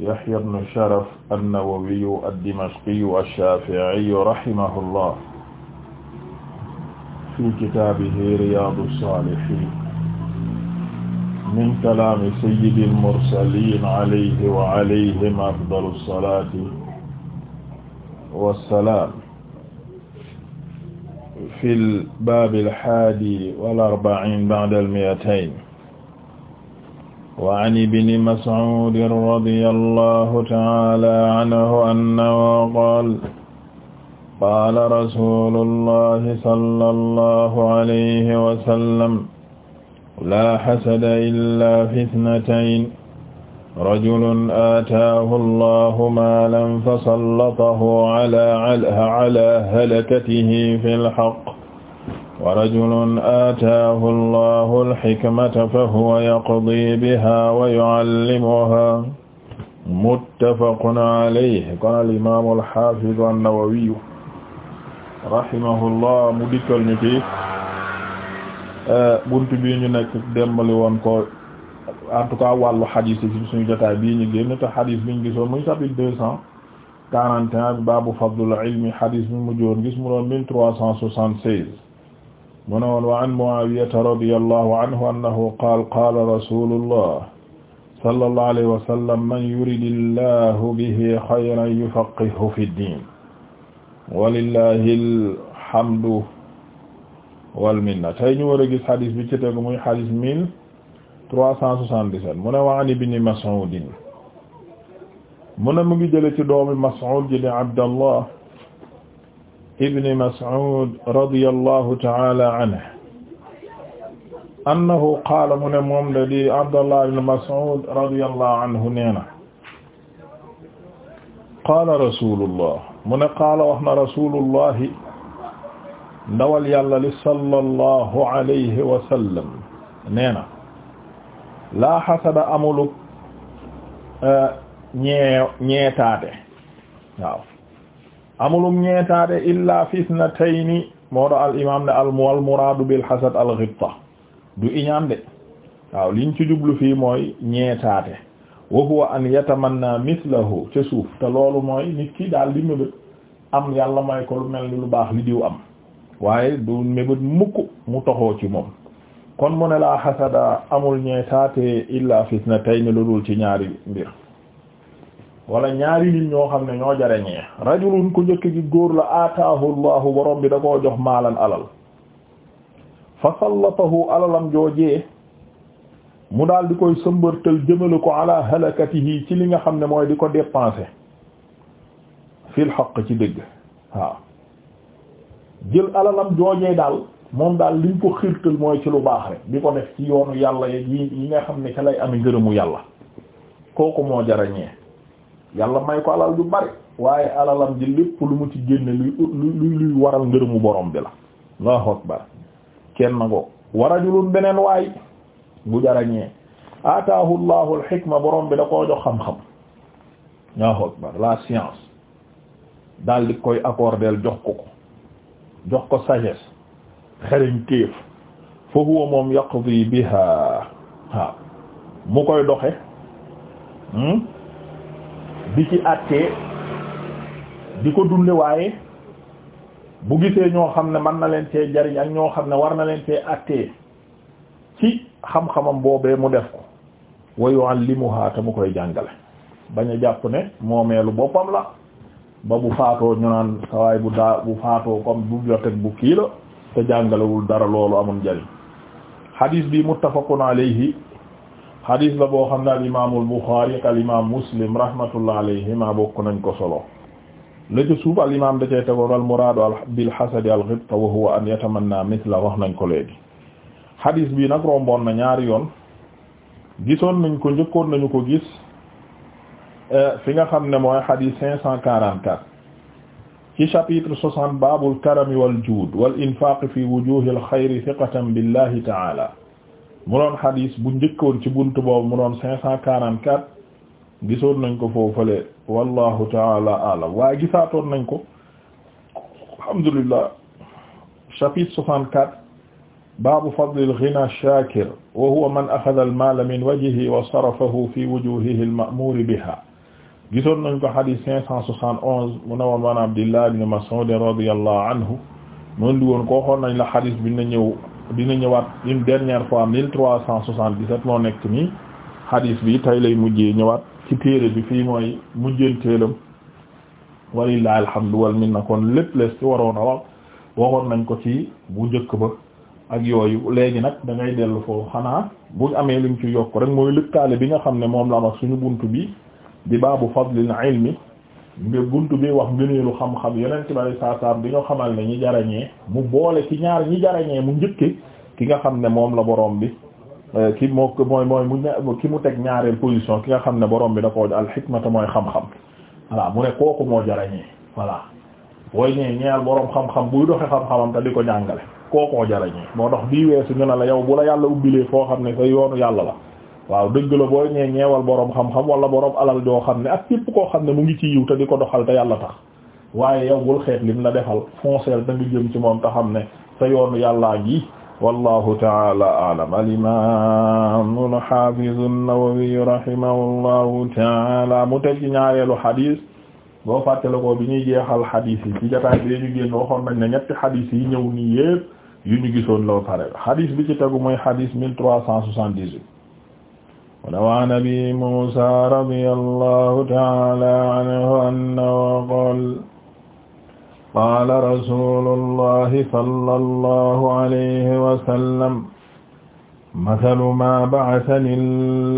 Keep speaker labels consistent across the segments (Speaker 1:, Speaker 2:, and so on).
Speaker 1: يحيى بن شرف النووي الدمشقي الشافعي رحمه الله في كتابه رياض الصالحين من كلام سيد المرسلين عليه وعليهم أفضل الصلاة والسلام في الباب الحادي والأربعين بعد المئتين wa an ibni Mas'uud radiyallahu ta'aala anhu annahu qaala qaala rasuulullahi sallallahu alayhi wa sallam laa hasada illaa fi ithnatayn rajulun aataahu allahu maalan fasallatahu alaa halakatihi fil haqq wa rajulun aataahu allahu alxikmata fahuwa yaqdii biha wa yuallimuha muttafaqun alayhi kon alimaamu alxaafidu annawawiyu rahimahullah mu dikkal ñu ci eh, buntu bii ñu nekk dembali woon ko en tout cas wàllu xadis yi suñu jotaay bii ñu génn te xadis biñ gisoon muy chapitre deux cent quarante et un baabu fadlul ilmi xadis bi mu mujjoon gis mu doon mille trois cent soixante-seize mu ne woon wa an Mu'aawiyata radiyallahu anhu annahu qaala qaala rasuulullah sallallahu alayhi wa sallam man yuridillahu bihi xayran yufaqqihhu fi ddiin walillahi alhamdu wal minna tey ñu war a gis xadis bi ci tegu muy xadis mille trois cent soixante-dix-sept mu ne wa an ibni Mas'uud mu ne mu ngi jële ci doomi Mas'uud ji di Abdallah ibni Mas'ud radiyallahu ta'ala anhu annahu qaala mu ne moom la di Abdallah ibn Mas'ud radiyallahu anhu neena qaala rasulullah mu ne qaala wax na rasulullahi ndawal yàlla li sallallahu alayhi wa sallam neena laa xasada amuluk eh, ñee ñeetaate waaw amulum ñeetaate illa fisnatayni moo do al imam ne al wal muraadu bil hasad al ghibta du iñaan de waaw liñ ci jublu fii mooy ñeetaate wa huwa an yatamanna mithlahu ca suuf te loolu mooy nit daal di mébét am yàlla may ko lu mel ni lu baax li diw am waaye du mébét mukk mu toxoo ci moom kon mu ne laa hasada amul ñeetaate illa fisnatayni lu dul ci ñaari mbir wala ñaari nit ñoo xam ne ñoo jarañee rajulun ku njëkk gi góor la aataahu llahu borom bi da koo jox maalan alal fa sallatahu alalam joojee mu daal di koy sëmbërtal jëmale ko ala halakatihi ci li nga xam ne mooy di ko dépenser fil ci dëgg waaw jël alalam joojee daal moom daal liñ ko xirtal mooy ci lu baax rek di ko def ci yoonu yàlla yi yi nga xam ne ca lay ame ngërëmu yàlla kooku moo jarañee yàlla may ko alal ju bari waaye alalam ji lépp lu mu ci génne luy luy waral ngërëmu borom bi la allahu akbar kenn ngoo wa rajulun beneen waay bu jarañee ataahu allahu alxikma borom bi da koo jox xam-xam allahu akbar la science daal di koy accordeel jox ko ko jox ko sagesse xereñ téef fa huwa moom yaqdi biha waaw mu koy doxe hmm? bi ci àttee di ko dunde waaye bu gisee ñoo xam ne mën na leen cee jariñ ak ñoo xam ne war na leen cee àttee ci xam-xamam boobee mu def ko wa yuallimuha te mu koy jàngale bañ a jàpp ne moomeelu boppam la ba bu faatoo ñu naan sawaay bu daa bu faatoo comme bibliothèque bu kii la te jàngalewul dara loolu amul njariñ hadis bi muttafaqun alayhi xadis la boo xam ne al imaamul Buxaari ak al imaam Muslim rahmatullah alayhima bokk nañ ko solo la ca suuf al imaam da cee tegoon al muraadu bil xasadi al ghibta wa huwa an yatamanna mithla wax nañ ko léegi. xadis bi nag romboon na ñaari yoon gisoon nañ ko njëkkoon nañu ko gis eh, fi nga xam ne mooy xadis 544 ci chapitre 60 baabul karami wal juud wal infaaqi fi wujuuhil xayri thiqatan billahi ta'ala. mu doon xadis bu njëkkoon ci buntu boobu mu doon cinq cent quarante quatre gisoon nañ ko foofale wallahu taala alam waaye gisaatoon nañ ko alhamdulillah chapitre soixante quatre baabu fadlil ghina shakir wa huwa man axada almaala min wajhihi wa sarafahu fi wujuhihi alma'muuri biha gisoon nañ ko xadis cinq cent soixante onze mu ne woon waan abdillah ibn mas'ud radiyallahu anhu noonu di woon ko xoon nañ la xadis bi na ñëw dina ñëwaat une dernière fois mille trois cent soixante-dix-sept moo nekk nii hadis bi tay lay mujjee ñëwaat ci téere bi fii mooy mujjeenteelam walillahi alhamdu wal minna kon lépp lees ci waroon a wax waxoon nañ ko ci bu njëkk ba ak yooyu léegi nag da ngay dellu foofu xanaa buñ amee luñ ci yokk rek mooy lëkkaale bi nga xam ne moom la am suñu bunt bi di baabu fadlil ilmi nga buntu bi wax ngëneelu xam-xam yeneen ci bari saa saam di nga xamal ne ñi jarañee mu boole ci ñaar ñi jarañee mu njëkke ki nga xam ne moom la boroom bi euh, ki moo mooy mooy ki mu teg ñaareel position ki nga xam ne boroom bi da ko al xikmata mooy xam-xam voilà mu ne kooku moo jarañee voilà booy ñee ñeel borom xam-xam buy doxe xam-xamam te di ko jàngale kookoo jarañee moo dox bii weesu ñu ne la yow bu la yàlla ubbilee foo xam ne sa yoonu yàlla la waaw dëgg la booy ñee ñeewal boroom xam-xam wala boroom alal joo xam ne ak képp koo xam ne mu ngi ci yiw te di ko doxal te yàlla tax waaye yow bul xeet lim la defal foncel da nga jëm ci moom te xam ne te yoonu yàllaa ngi wallahu taala aalam alimam alhafizu an-Nawawi rahimahullahu taala mu teg ci ñaareelu xadis boo fàttale ko bi ñuy jeexal xadis yi ci jotaay bi ñu génn waxoon nañ ne ñetti xadis yi ñëw nii yépp yu ñu gisoon loo pare xadis bi ci tegu mooy xadis mille trois cent soixante-dix-huit wa an abi Muusaa radiyallahu ta'aala anhu annahu qaala qaala rasuulullahi sallallahu alayhi wa sallam mathalu maa ba'athani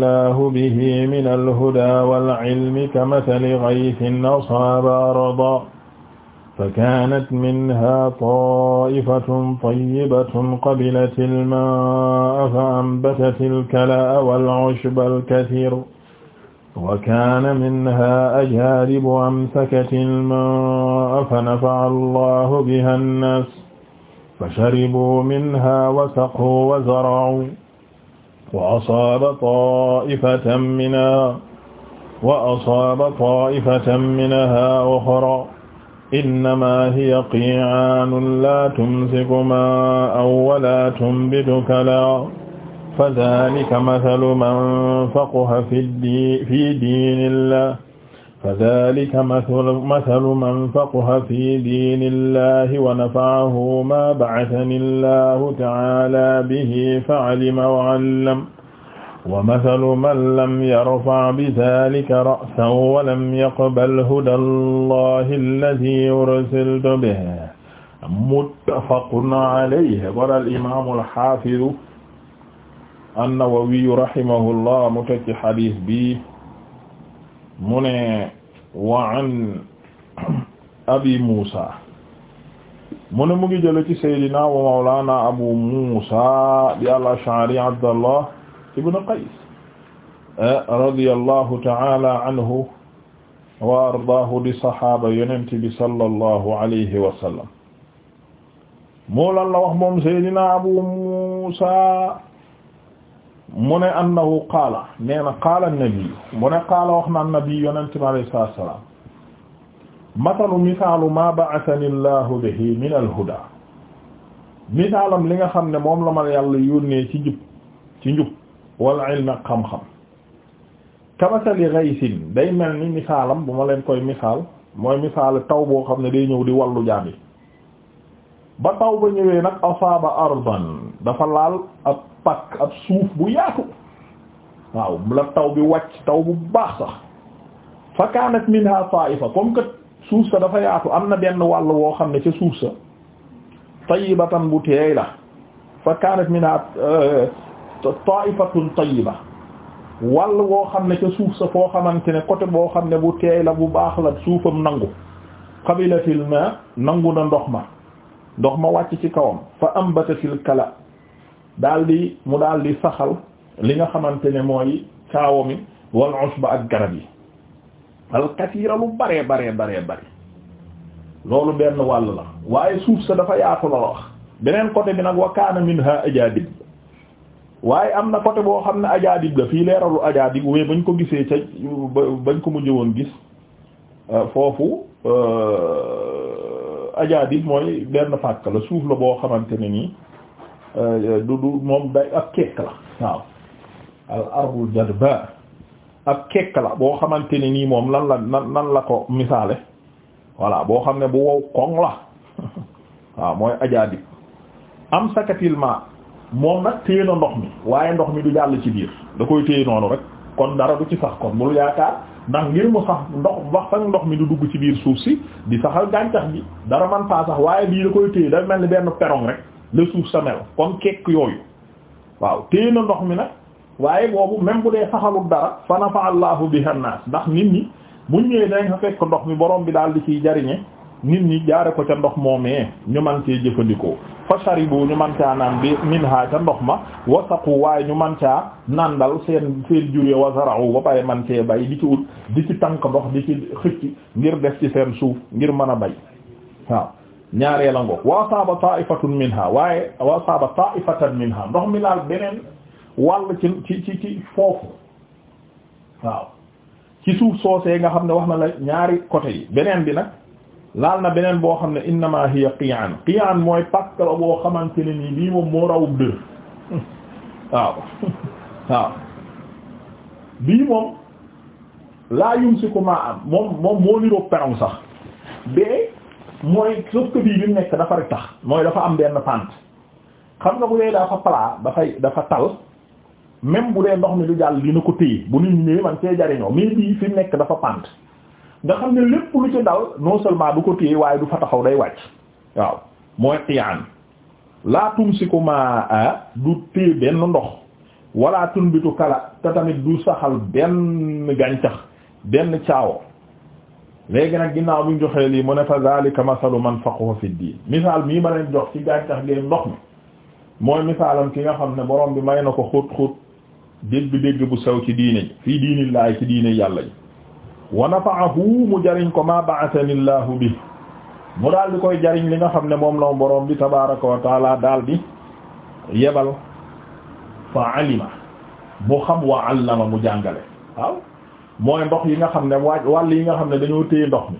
Speaker 1: llaahu bihi minal hudaa wal ilmi kamathali ghaythin asaaba ardan فكانت منها طائفة طيبة قبلت الماء فأنبتت الكلأ والعشب الكثير وكان منها أجارب أمسكت الماء فنفع الله بها الناس فشربوا منها وسقوا وزرعوا وأصاب طائفة منها وأصاب طائفة منها أخرى innama hiya qi'aanun laa tumsiku maa'an wa laa tunbitu kalaa fadhaalika mathalu man faqiha fii diinillaah fadhaalika mathalu man faqiha fii diinillaahi wa nafa'ahu maa ba'athani llaahu ta'aalaa bihi fa'alima wa 'allama wa mathalu man lam yarfa' bi dhaalika ra'sahu wa lam yaqbal huda allahi alladhii ursiltu bihi muttafaqun alayhi qaala al-imaamu al-haafidu an-Nawawi rahimahullah mu teg ci xadis bi mu ne wa an abi Muusa mu ne mu ngi jële ci sayyidina wa mawlaana abu Muusa di al-Ash'ari Abdallah ibn Qays eh, radiyallahu ta'ala anhu wa ardaahu di saxaaba yonent bi sallallahu alayhi wa sallam mu lan la wax moom Seydina Abu Muusa mu ne annahu qaala nee na qaala nabi mu ne qaala wax na nabi yonent bi alayhi salaatu wa salaam matalu misaalu maa ba'athani Allahu bihi min al-hudaa misaalam li nga xam ne moom la ma yàlla yónnee ci jub ci njub wal ilm ak xam-xam kamasali ghaysin day mel ni misaalam bu ma leen koy misaal mooy misaal taw boo xam ne day ñëw di wallu jaam ba taw ba ñëwee nag asaaba ardan dafa laal ab pakk ab suuf bu yaatu waaw la taw bi wàcc taw bu baax sax fa kaanat minha ta'ifa comme que suuf sa dafa yaatu am na benn wàll woo xam ne ca suuf sa tayyibatan bu teey la fa kaanat minha ta'ifatun tayyiba wàll woo xam ne ca suuf sa foo xamante ne côté boo xam ne bu teey la bu baax la suufam nangu qabilatil ma nangu na ndox ma ndox ma wàcc ci kawam fa ambatatil kala daal di mu daal di saxal li nga xamante ne mooy caawa mi wal usba ak garab yi al katira lu baree baree baree bari loolu benn wàll la waaye suuf sa dafa yaatu la wax beneen côté bi nag wa kaana minha ajadib waaye am na côté boo xam ne ajaadib la fii leeralu ajaadib waaye bañ ko gisee ca bañ ko mujj woon gis euh, foofu euh, ajaadib mooy benn fàkk la suuf la boo xamante ne nii euh, du du moom day ab kekk la boo xamante ne nii moom lan la nan nan la ko misaale voilà boo xam ne bu wow koŋ la waaw mooy ajaadib am sakatil moom nag téye na ndox mi waaye ndox mi du jàll ci biir da koy téye noonu rek kon dara du ci sax kon bul yaakaar ndax ngir mu sax ndox wax sax ndox mi du dugg ci biir suuf si di saxal gàncax bi dara man faa sax waaye bii da koy téye da mel ni benn perron rek le suuf sa mel comme kekk yooyu waaw téye na ndox mi nag waaye boobu même bu dee saxalul dara fa nafa allahu bihannas ndax nit ñi buñ ñëwee dañ fa fekk ndox mi borom bi daal di ciy jariñe nit ñi jaare ko ca ndox moomee ñu man cee jëfandikoo fa sharibu ñu man naan bi minha ca ndox ma wasaqu waaye ñu man caa nandal seen seen jure wa zara'u ba pare bay di ci ut di ci tànk ndox di ci xëcc ngir def ci seen suuf ngir mën a bay waaw ñaareel a ngoog wa asaaba ta'ifatun minha waaye wa asaaba ta'ifatan minha ndox mi laal beneen wàll ci ci ci ci foofu waaw ci suuf soosee nga xam ne wax na la ñaari côté yi beneen bi nag laal na beneen boo xam ne innama hiya qiyaan qiyaan mooy pakk la boo xamante ne nii bii moom moo rawub dër waaw waaw bii moom laa yumsiku ma am moom moom moo niroog perong sax bee mooy sauf que bii bi nekk dafa retax mooy dafa am benn pant xam nga bu dee dafa plat dafay dafa tal même bu dee ndox mi lu jàll dina ko téye bu nit ñëwee man see jariñoo mais bii fi nekk dafa pant nga xam ne lépp lu ci dal non seulement du ko téye waaye du fa taxaw day wàcc waaw mooy tiyaan laa tumsiku maa du téye benn ndox wala tunbitu kala te tamit du saxal benn gàncax benn caawo léegi nag ginnaaw bi ñu joxee lii mu ne fa zalika masalu man faquha fi diin misaal mii ma leen jox ci gàncax gi ndox mi mooy misaalam ki nga xam ne borom bi may na ko xóot xóot dégg dégg bu sew ci diine fii diinillaahi ci diine yàlla yi wa nafa'ahu mu jariñ ko ma ba'athani bi mu daal di koy jariñ li nga xam ne moom la mboroom bi tabaraka wa taala daal di yebal fa alima mu xam wa allama mu jàngale waaw mooy ndox yi nga xam ne waaj wàll yi nga xam ne dañoo téye ndox mi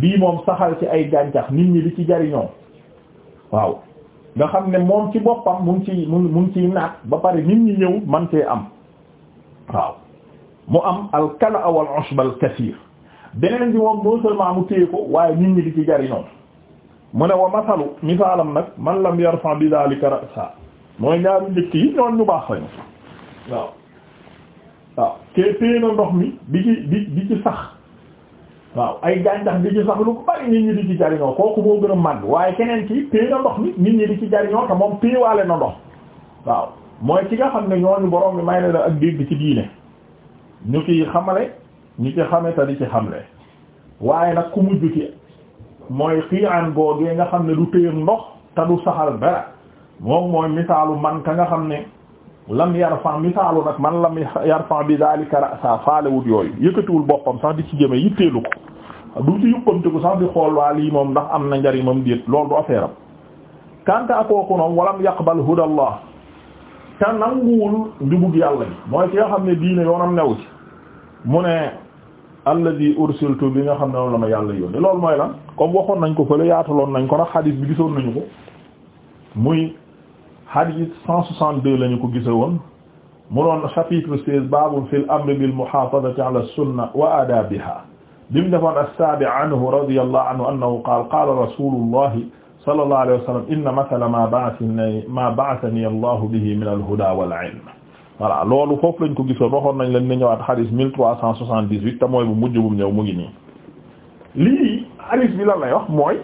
Speaker 1: bii moom saxal ci ay gàncax nit ñi di ci jariñoo waaw nga xam ne moom ci boppam mu ngi ci mu ngi ciy naat ba pare nit ñi ñëw man cee am waaw mu am alkala awal usba al kathir beneen bi moom non seulement mu téye ko waaye nit ñi di ci jariñoo mu ne wa masalu misaalam nag man lam yarfa bi dhalika ra'sa mooy ñaari njëkk yi ñoon ñu baax lañu waaw waaw kee téye ndox mi di ci di di ci sax waaw ay gàncax di ci sax lu bari nit ñi di ci jariñoo kooku moo gën a màgg waaye keneen ki téye ndox mi nit ñi di ci jariñoo te moom téyewaale na ndox waaw mooy ci nga xam ne ñooñu borom bi may na la ak dégg ci diine ñu ciy xamale ñu ci xame te di ci xamle waaye nag ku mujj ci mooy xiiraan googee nga xam ne du téye ndox te du saxal dara moom mooy misaalu man ka nga xam ne lam yarfa misaalu nag man la lam yarfa bi daalika ra'sa faalewut yooyu yëkkatiwul boppam sax di ci jëme yitteelu ko du ci yuppamte ko sax di xool waa lii moom ndax am na njariñam déet loolu du affaire am kanta akooku noom walam yaqbal te nanguwul njubug yàlla gi mooy ki nga xam ne diine yoonam new ci mu ne alladhi ursiltu bi nga xam ne moom la ma yàlla yónni loolu mooy lan comme waxoon nañ ko fële yaataloon nañ ko nag xadis bi gisoon nañu ko muy xadis cent soixante-deux lañu ko gise woon mu doon chapitre seize baabul fil amri bil muhaafazati ala sunna wa adabiha bi mu defoon as-saabi anhu radiyallahu anhu annahu qaala qaala rasulullahi sallallahu alayhi soo sallam inna mathala ma ba'athani ma loolu foofu lañ ko gisoon waxoon nañ leen ne ñëwaat xadis mille trois cent soixante-dix-huit te mooy bu mujj bu ñëw mu ngi nii lii xadis bi lan lay wax mooy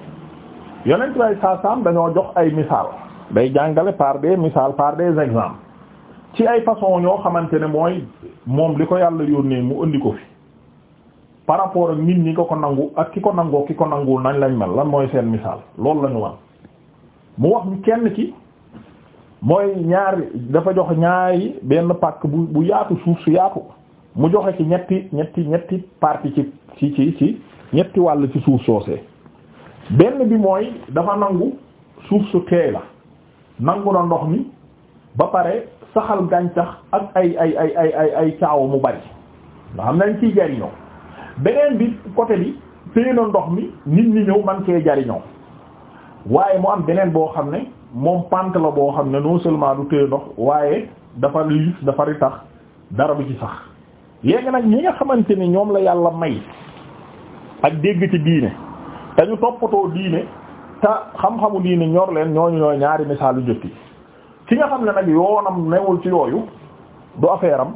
Speaker 1: yonent bay saasaam dañoo jox ay misaal day jàngale par des misaal par des exemples ci ay façon ñoo xamante ne mooy moom li ko yàlla yónnee mu indi ko fi par rapport ak nit ñi ko ko nangu ak ki ko nangoo ki ko nanguwul nañ lañ man lan mooy seen misaal loolu la wax mu wax ñu kenn ki mooy ñaar dafa jox ñaari benn pàkk bu bu yaatu suuf su yaatu mu joxe ci ñetti ñetti ñetti partie ci ci ci ci ñetti wàll ci suuf soose benn bi mooy dafa nangu suuf su teey la nangu na ndox mi ba pare saxal gàncax ak ay ay ay ay ay mu bari nga nañ ciy jariñoo beneen bi côté bi téye na ndox mi nit ñi ñëw man kee jariñoo waaye mu am beneen boo xam ne moom pant la boo xam ne non seulement du téye ndox waaye dafa liif dafa ritax dara bu ci sax léegi nag ñi nga xamante ni ñoom la yàlla may ak dégg ci diine te toppatoo diine te xam-xamu diine ñor leen ñooñu ñooy ñaari misaalu jëkk yi ki nga xam ne nag yoonam newul ci yooyu du affaire am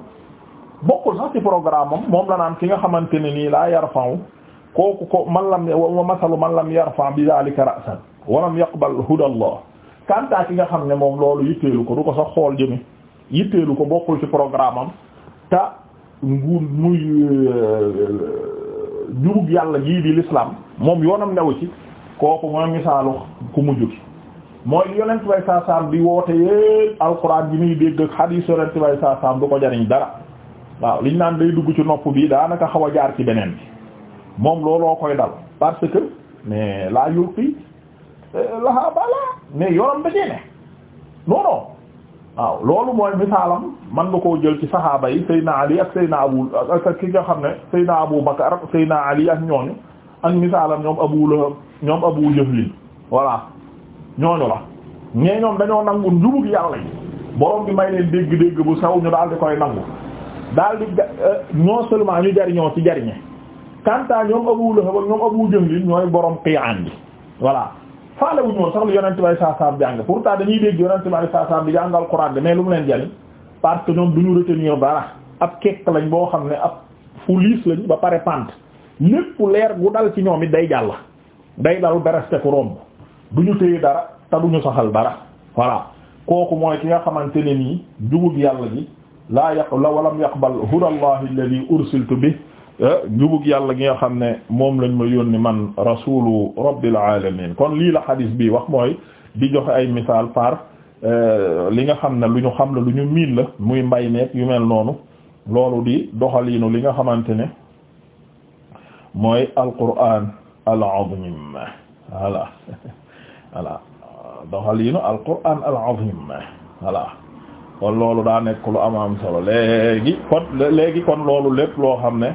Speaker 1: bokkul sax ci programme moom la naan ki nga xamante ne nii laa yarfa'u kooku ko man lam wa masalu man lam yarfa' bi dhalika ra'san wa lam yaqbal huda Allah kantaa ki nga xam ne moom loolu yitteelu ko du ko sax xool jëme yitteelu ko bokkul ci programme am te nguur muy euh, jurug yàlla jii di lislaam moom yoonam newu ci kooku mooy misaalu ku mujj ki mooy yonent bay saasaam di woote yépp alxuraan bi muy dégg ak xadiis yonent bay saasaam du ko jariñ dara waaw liñ naan day dugg ci nopp bi daanaka xaw a jaar ci beneen bi moom looloo koy dal parce que mais laa yulqi euh, lahaa balaa mais yoram da cee ne non waaw loolu mooy misaalam man nga koo jël ci saxaaba yi naa Ali ak Seydina Abu ak ki nga xam ne Seydina Abu Bakar ak naa Ali ak ñooñu ak misaalam ñoom Abu Lahab ñoom Abu Jahl voilà ñooñu la ñee ñoom dañoo nangu njubug yàlla yi borom bi may leen dégg-dégg bu saw ñu daal di koy nangu daal di euh, non seulement ñu jariñoo ci jariñe kanta ñoom Abu Lahab ñoom wu Jahl ñooy borom qiyaan bi voilà faale wuñu woon sax lu yonente bay saa saam jàng pourtant dañuy dégg yonente bay saa saam bi jàngal Alxuraan de mais lu mu leen jariñ parce que ñoom duñu retenir dara ab kekk lañ boo xam ne ab fu liis lañ ba pare pant lépp leer gu dal ci ñoom it day jàll day dal bereste ku romb ñu téye dara te duñu saxal dara voilà kooku mooy ki nga xamante ne nii jubub yàlla bi laa yaq la walam yaqbal hudallahi alladhi ursiltu bi eh, njubug yàlla gi nga xam ne moom lañ ma yónni man rasulu rabbil alamin kon lii la xadis bi wax mooy di joxe ay misaal par eh, li nga xam ne lu ñu xam la lu ñu miin la muy mbay nekk yu mel noonu loolu di doxaliinu li nga xamante ne mooy alquran al azim voilà voilà doxaliinu alquran al azim voilà kon loolu daa nekk lu am am solo léegi kon léegi kon loolu lépp loo xam ne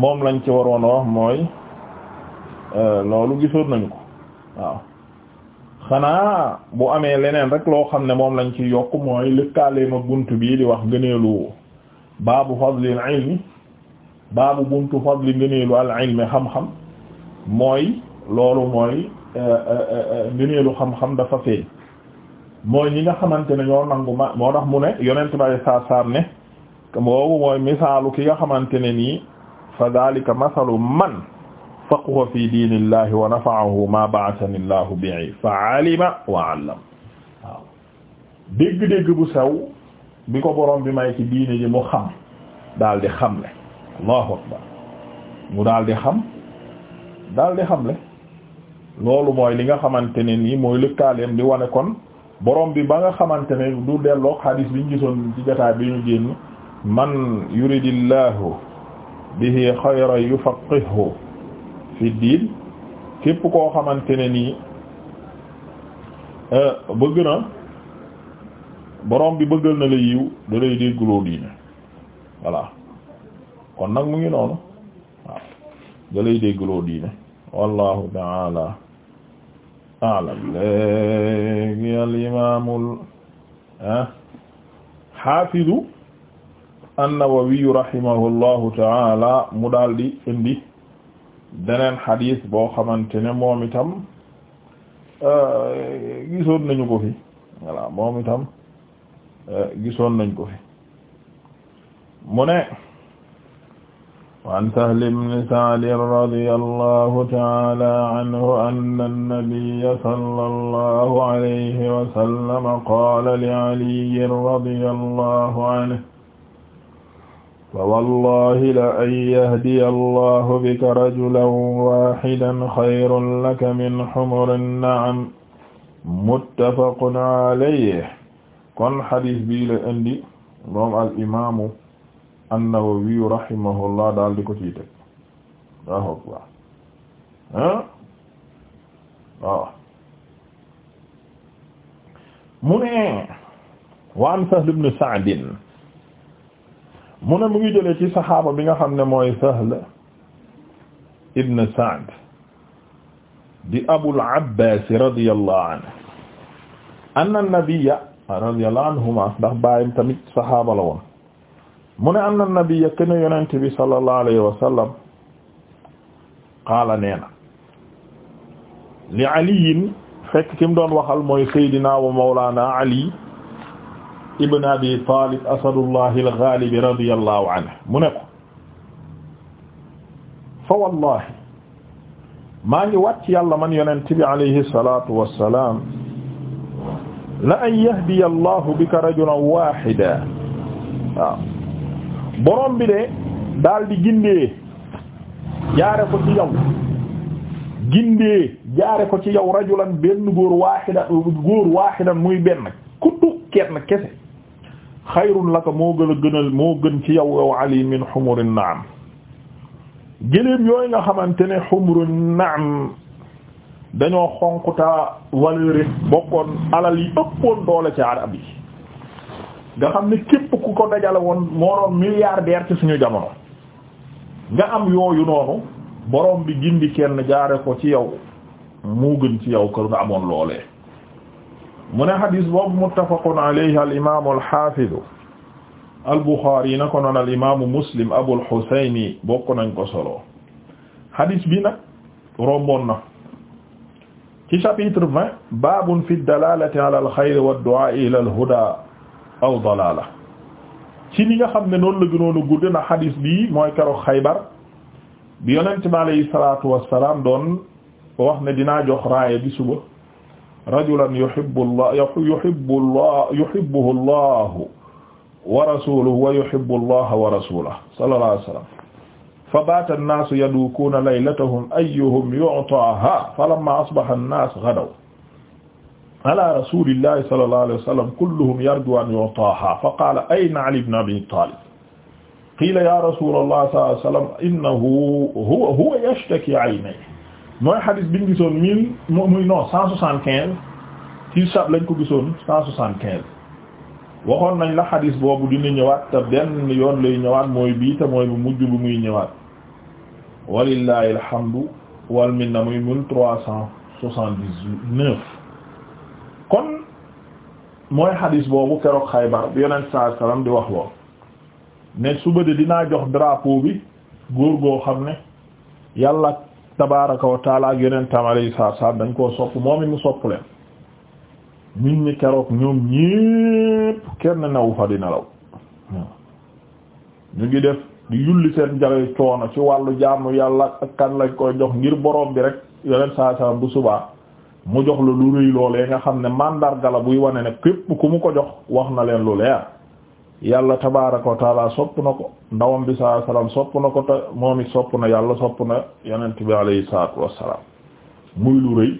Speaker 1: moom lañ ci waroon mooy euh, loolu gisoon nañu ko waaw xanaa bu amee leneen rek loo xam ne moom lañ ci yokk mooy lëkkaale ma bunt bii di wax ngëneelu baabu fadlil ilmi baabu buntu fadli ngëneelu al ilmi xam-xam mooy loolu mooy euh, euh, ngëneelu xam-xam dafa feeñ mooy ñi nga xamante ne ñoo nangu ma moo tax mu ne yonent bay saa saam ne boobu mooy misaalu ki nga xamante ne nii fa dhalika masalu man faqiha fi diinillahi wa nafa'ahu ma ba'athani llahu bihi fa alima wa allam dégg-dégg bu sew bi ko borom bi may ci diine ji mu xam daal di xamle allahu akbar mu daal di xam daal di xamle loolu mooy li nga xamante ne nii mooy lëkkaaleem di wane kon borom bi ba nga xamante ne du delloog hadis biñ gisoon ci jotaay bi ñu génn man yuridillahu bihi xayran yufaqihu fi diin képp koo xamante ne nii euh, bëgg na borom bi bëggal na la yiw da lay diine voilà kon nag mu ngi noonu waaw da lay déggloo diine wallahu taala alam léegi al imaamul ah xaafidu an-Nawawi taala mu daldi di indi beneen xadis boo xamante ne moom itam eh, gisoon nañu ko fi voilà moom eh, gisoon nañ ko fi mu ne. وعن سهل بن سعد رضي الله تعالى عنه أن النبي صلى الله عليه وسلم قال لعلي رضي الله عنه فوالله لأن يهدي الله بك رجلا واحدا خير لك من حمر النعم متفق عليه kon xadis bi la indi moom al imaamu an-Nawawi rahimahullah daal di ko ciy teg waaw waaw mu ne wa an Sahl ibn Sa'd mu ne mu ngi jëlee ci saxaaba bi nga xam ne mooy Sahl ibn Sa'd di Abul Abbaas radiyallahu anhu anna an-nabiyya radiyallahu anhuma ndax baayam tamit saxaaba la woon mu ne anna nabiyya kana yonent bi sallallahu alayhi wa sallam qaala nee na li aliyin fekk ki mu doon waxal mooy saydina wa mawlaana ali ibn abi talib asadullah al-ghalib radiyallahu anhu mu ne ko fa wallahi maa ngi wàcc yàlla man yonent bi alayhi salatu wassalam la an yahdiya allahu bika rajulan wahida waaw borom bi de daal di gindee jaare ko ci yow gindee jaare ko ci yow rajulan benn góor waaxidan góor waaxidan muy benn ku tukkeet kese xayrun laka moo gën a gënal moo gën ci yow yow ali min xumurin naam gëléem yooyu nga xamante ne xumurin naam dañoo xonquta valeur bokkoon alal yi ëppoon doole ci arab nga xam ne ku ko dajale woon moo doon milliardaire ci suñu jamono nga am yooyu noonu borom bi gindi kenn jaare ko ci yow mu gën ci yow kër amoon loolee mu ne xadis boobu muttafaqun alayhi al imaamu al xaafidu al buxaari yi na ko noon al imaamu muslim abul xusayni bokk nañ ko solo xadis bi nag romboon na ci chapitre vingt baabun fi dalalati ala al xayri wa du'a aw dalaala ci ni nga xam ne noonu la gënoon a gudd na xadiis bii mooy keroog xaybar bi yonent bi alayhi salaatu wassalaam doon wax ne dinaa jox raaya bi suba rajulan yuhibbu allah yuhibbu allah yuhibbuhu allahu wa rasuluhu wa yuhibbu allaha wa rasulahu sallallahu alayhi wasallam fa baata an-naasu yadukuuna laylatahum ayyuhum yu'taaha falamma asbaha an-naas ghadaw ala rasulillahi sallallahu alayhi wa sallam kulluhum yarju an yu'taha fa qala ayna Ali ibn Abi Talib qiila ya rasulallah sallallahu alayhi wa sallam innahu huwa huwa yashtaki aynay mooy xadis bi ñu gisoon mille muy non cent soixante quinze ci sab lañ ko gisoon cent soixante quinze waxoon nañ la xadis boobu dina ñëwaat te benn yoon lay ñëwaat mooy bii te mooy bu mujj bu muy ñëwaat walillahi alhamdu wal minna muy mille trois cent soixante-dix-neuf kon mooy xadis boobu keroog xaybar bi yonent saa salaam di wax lool ne suba de dinaa jox drapeau bi góor goo xam ne yàlla tabaaraka wa taala ak yonentam alayhi salaam dañ koo sopp moom it mu sopp leen nit ñi keroog ñoom ñépp kenn newu fa di nelaw ñu ngi def di yulli seen jare coono ci wàllu jàmm yàlla ak kan lañ koy jox ngir boroom bi rek yonent saa salaam bu subaa mu jox la lu rëy loolee nga xam ne mandarga la buy wane ne képp ku mu ko jox wax na leen lu leer yàlla tabaaraka wa taala sopp na ko ndawam bi sallallahu sopp na ko te moom it sopp na yàlla sopp na yonent bi alayhi salaatu wassalaam muy lu rëy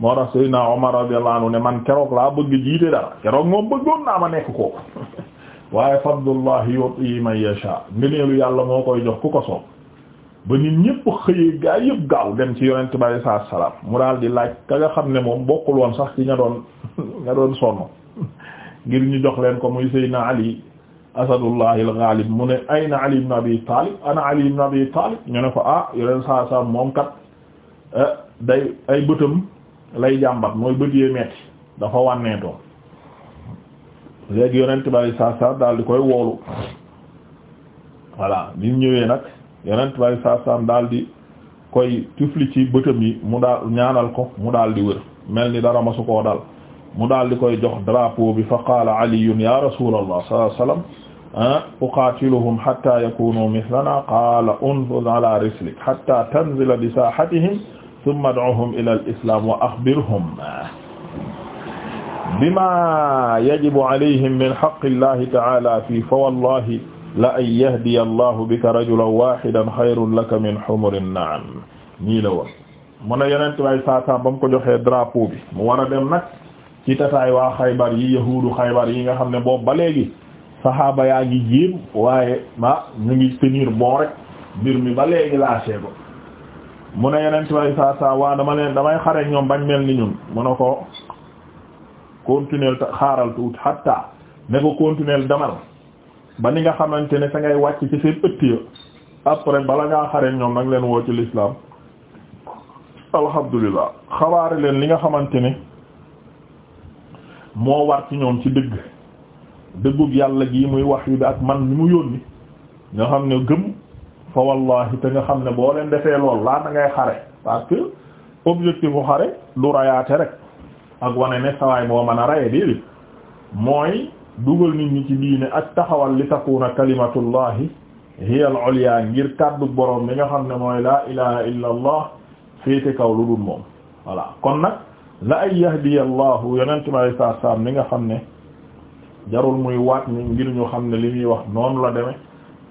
Speaker 1: moo tax Seydina Omar radiyallahu anhu ne man keroog laa bëgg jiite dara keroog moom bëggoon naa ma nekk ko waaye fadlullahi yu'ti man yasha ngëneelu yàlla moo koy jox ku ko sopp ba nit ñépp xëyee gaa yëpp gaaw dem ci yonent bi alayhi salaam mu daal di laaj ka nga xam ne moom bokkul woon sax ci ña doon ña doon sonn ngir ñu jox leen ko muy Seydina Ali asadullahi al-ghalib mu ne ayna Ali ibn Abi ana Ali ibn Abi Talib ñu ne ko ah yonent saa salaam moom kat eh, day ay bëtam lay jàmbat mooy bët yee metti dafa wànneetoo léegi yonent bi alayhi salaatu salaam koy woolu voilà bi ñëwee nag. yeneen tubaab yi saasaan daal di koy tufli ci bëtam yi mu daal ñaanal ko mu daal di wër mel ni dara masu koo dal mu daal di koy jox drapeau bi fa qaala aliyun ya rasulallah sallallahu alayhi wasallam ah, uqaatiluhum hatta yakunu mithlana qaala unfuz ala rislik hatta tanzila bi saahatihim thumma ad'uhum ila al-islam wa akhbirhum bima yajibu alayhim min haqqi llahi ta'ala fi fa wallahi la an yahdiya allahu bika rajulan wahidan xayrun laka min humuri na'am nii la woon mu ne yenente way saasaam ba mu ko joxe drapeau bi mu war a dem nag ci tataay waa xaybar yi yahuudu xaybar yi nga xam ne boobu ba léegi saxaaba yaa ngi jéem waaye ah ñu ngi tenir bon rek mbir mi ba léegi laasee ko mu ne yeneen way saa saa waa damay xare ñoom bañ mel ni ñun mu a ko continuer xaaral tuuti hatta ne ko continuer demal ba ni nga xamante ne fa ngay wàcc ci seen ëtt ya après bala ngaa xare ñoom nag leen woo ci l'islam alhamdulilah xabaare leen li nga xamante ne moo war ci ñoom ci dëgg dëggug yàlla gii muy wax yu bi ak man mi mu yónni nga xam ne gëm fa wallahi te nga xam ne boo leen defee lool laa ngay xare parce que xare du rayaate rek ak wane ne sawaay moo mën a raye déedéet mooy dugal nit ñi ci diine ak taxawal li takuna kalimatullahi hiya al-ulya ngir kàddu borom mi nga xam ne mooy la ilaha illa allah féete kaw lu dul moom voilà kon nag la ay yahdiya allahu yonente mi saa saam mi nga xam ne jarul muy waat ni ngir ñu xam ne li muy wax noonu la deme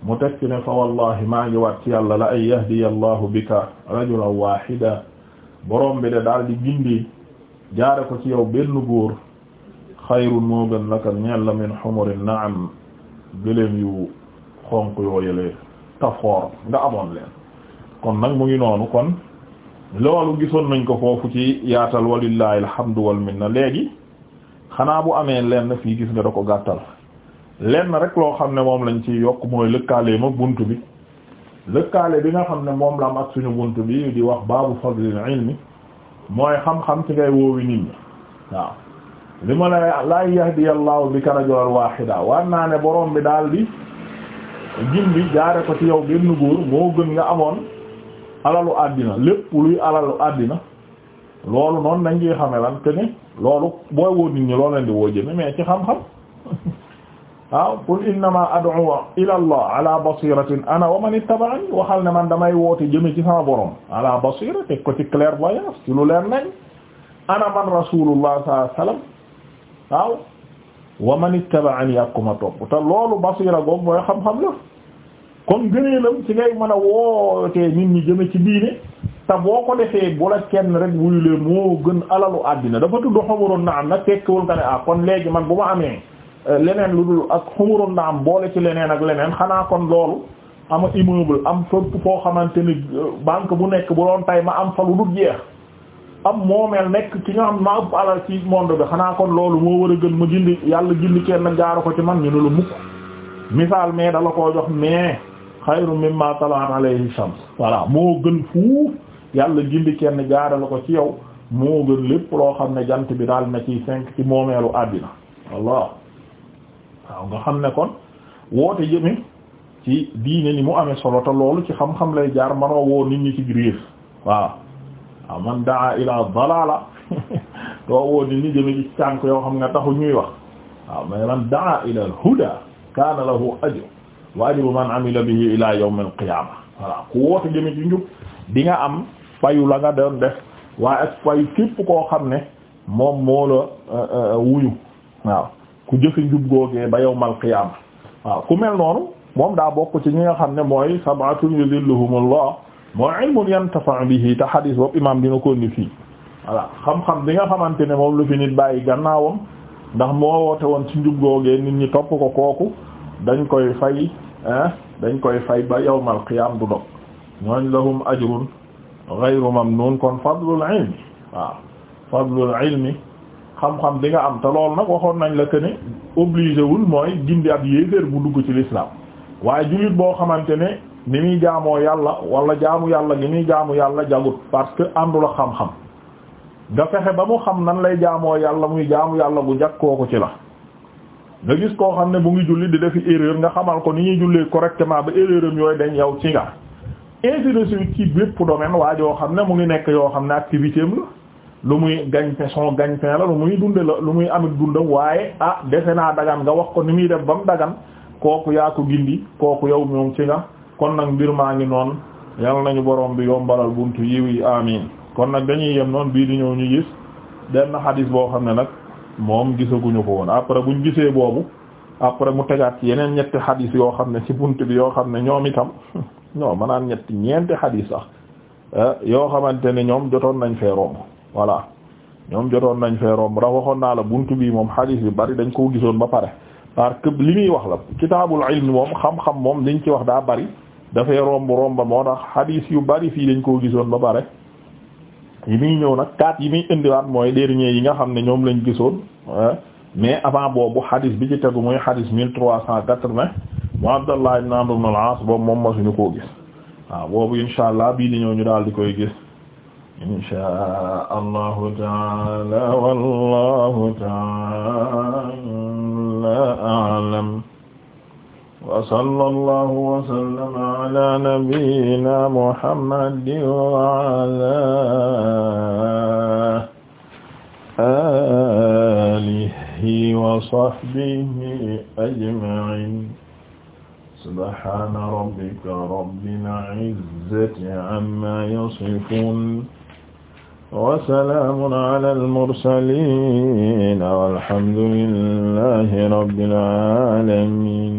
Speaker 1: mu teg ci ne fa wallahi maa ngi waat ci yàlla la ay yahdiya allahu bika rajulan wahida boroom bi de daal di gindi jaare ko ci yow benn góor xayrun moo gën laka ñeel la min xumurin naam gëléem yu xonq yooyale tafoor nga amoon leen kon nag mu ngi noonu kon loolu gisoon nañ ko foofu ci yaatal walillahi alhamdu wal na léegi xanaa bu amee lenn fii gis nga da ko gàttal lenn rek loo xam ne moom lañ ci yokk mooy lëkkaale ma bunt bi lëkkaale bi nga xam ne moom la ak suñu bunt bi di wax baabu fadlil ilmi mooy xam-xam ci ngay woowi nit ñi waaw li ma la laa yahdiyallahu bika rajulan wahida war naa ne borom bi daal di gindi jaare ko ci yow génn góor moo gën nga amoon alalu àddina lépp luy alalu àddina loolu noonu dañ ciy xame lan te loolu booy woo nit ñi loolu di woo jëme mais ci xam-xam waaw qul innama ad'u ila allah ala basiratin ana wa man ittaba'ani waxal ne man damay woote jëme ci sama borom ala basira ko ci clairvoyance ci lu leer nañ ana man rasulullah sallallahu alayhi wasallam waaw wa man ittaba'ani ak ku ma topp te loolu basira goog mooy xam-xam la kon gëneelam ci ngay mën a wootee nit ñi jëme ci diine te boo ko defee bu la kenn rek wuyulee moo gën alalu àddina dafa tudd xumuroon na am nag tekkiwul nga ne ah kon léegi man bu ma amee eh, leneen lu dul ak xumuroon na am boole ci leneen ak leneen xanaa kon loolu ama immeuble am fépp foo xamante ni eh, banque bu nekk bu doon tay ma am fa lu dul jeex am moomeel nekk ki nga xam maa ëpp alal ci monde bi xanaa kon loolu moo war a gën ma gindi yàlla gindi kenn jaaru ko ci man ñu ne la mukk misaal mais dala koo jox mais xayru mimma talaan alayhi shams voilà moo gën fuuf yàlla gindi kenn jaarale ko ci yow moo gën lépp loo xam ne jant bi daal na ci cinq ci moomeelu àddina walla waaw nga xam ne kon woote jëme ci diine ni mu amee solo te loolu ci xam-xam lay jaar manoo woo nit ñi ci réer waaw waaw ah, man daa ila dalala doo woo ni ni ci cànk yoo xam nga taxu ñuy wax waaw ah, mais man daa ila al huda kaana lahu ajr wa ajru man amila bihi ila yawm al qiyama ku woote jëme ci njub di nga am fayu la nga doon def waaye ak fayu képp koo xam ne moom moo la euh, euh, wuyu waaw ku jëfe njub googee ba yawm al waaw ku mel noonu moom daa bokk ci ñi nga xam ne mooy sabatun yudilluhumullah mooy ilmun yantafa bihi te xadis boobu imaam dina ko indi fii voilà xam-xam bi nga xamante ne moom lu fi nit bàyyi gannaawam ndax moo woote woon ci njub googee nit ñi topp ko kooku dañ koy fay dañ koy fay ba yawmal qiyaam du dog ñooñ lahum ajrun ghayru mamnun kon fadlul ilmi waaw fadlul ilmi xam-xam bi nga am te loolu nag waxoon nañ la que ne obligé wul mooy gindi ab yéeféer bu dugg ci lislaam waaye jullit boo xamante ni muy jaamoo yàlla wala jaamu yàlla gi muy jaamu yàlla jagut parce que àndul a xam-xam nga fexe ba mu xam nan lay jaamoo yàlla muy jaamu yàlla gu jag kooku ci la nga gis koo xam ne bu ngi julli di defi erreur nga xamal ko ni ñuy jullee correctement yooyu dañ yow ci nga ainsi bépp domaine waa joo xam ne mu ngi nekk yoo xam ne activité am la lu muy gagne-pain son gagne la muy dunde la lu muy amit dundam waaye ah defe naa dagan nga wax ko ni muy def ba mu dagan kooku yaa ko gindi kooku yow moom ci nga kon nag mbir maa ngi noon yal nañu borom bi yombalal buntu yiw yi amiin kon nag dañuy yem noon bii di ñëw ñu gis benn xadis boo xam ne nag moom gisaguñu ko woon après ñu gisee boobu après mu tegaat ci yeneen ñetti xadis yoo xam ne ci bunt bi yoo xam ne ñoom itam ñoo mënaan ñetti ñeenti xadis sax eh, yoo xamante ne ñoom jotoon nañ fee romb voilà ñoom jotoon nañ fee romb ndax waxoon naa la bunt bi moom xadis bi bari dañ koo gisoon ba pare parce que li muy wax la kitaabul ilm moom moom liñ ci wax daa bari dafay romb romba moo tax hadith yu bari fii lañ koo gisoon ba pare yi muy ñëw nag kaat yi muy indiwaat mooy dernier yi nga xam ne ñoom lañ gisoon mais avant boobu hadith bi ci tegu muy hadith mille trois cent quatre-vingt mu Abdallah ibn Amr ibn al boobu moom masuñu koo gis waaw boobu insha allah bii di ñëw ñu daal di koy gis insha allahu taala wallahu taala a'lam wa sallallahu wa sallama ala nabiyyina muhammadin wa ala alihi wa sahbihi ajma'in subhana rabbika rabbil izzati amma yasifun wa salaamun ala al-mursaliin walhamdu lillahi rabbil aalamiin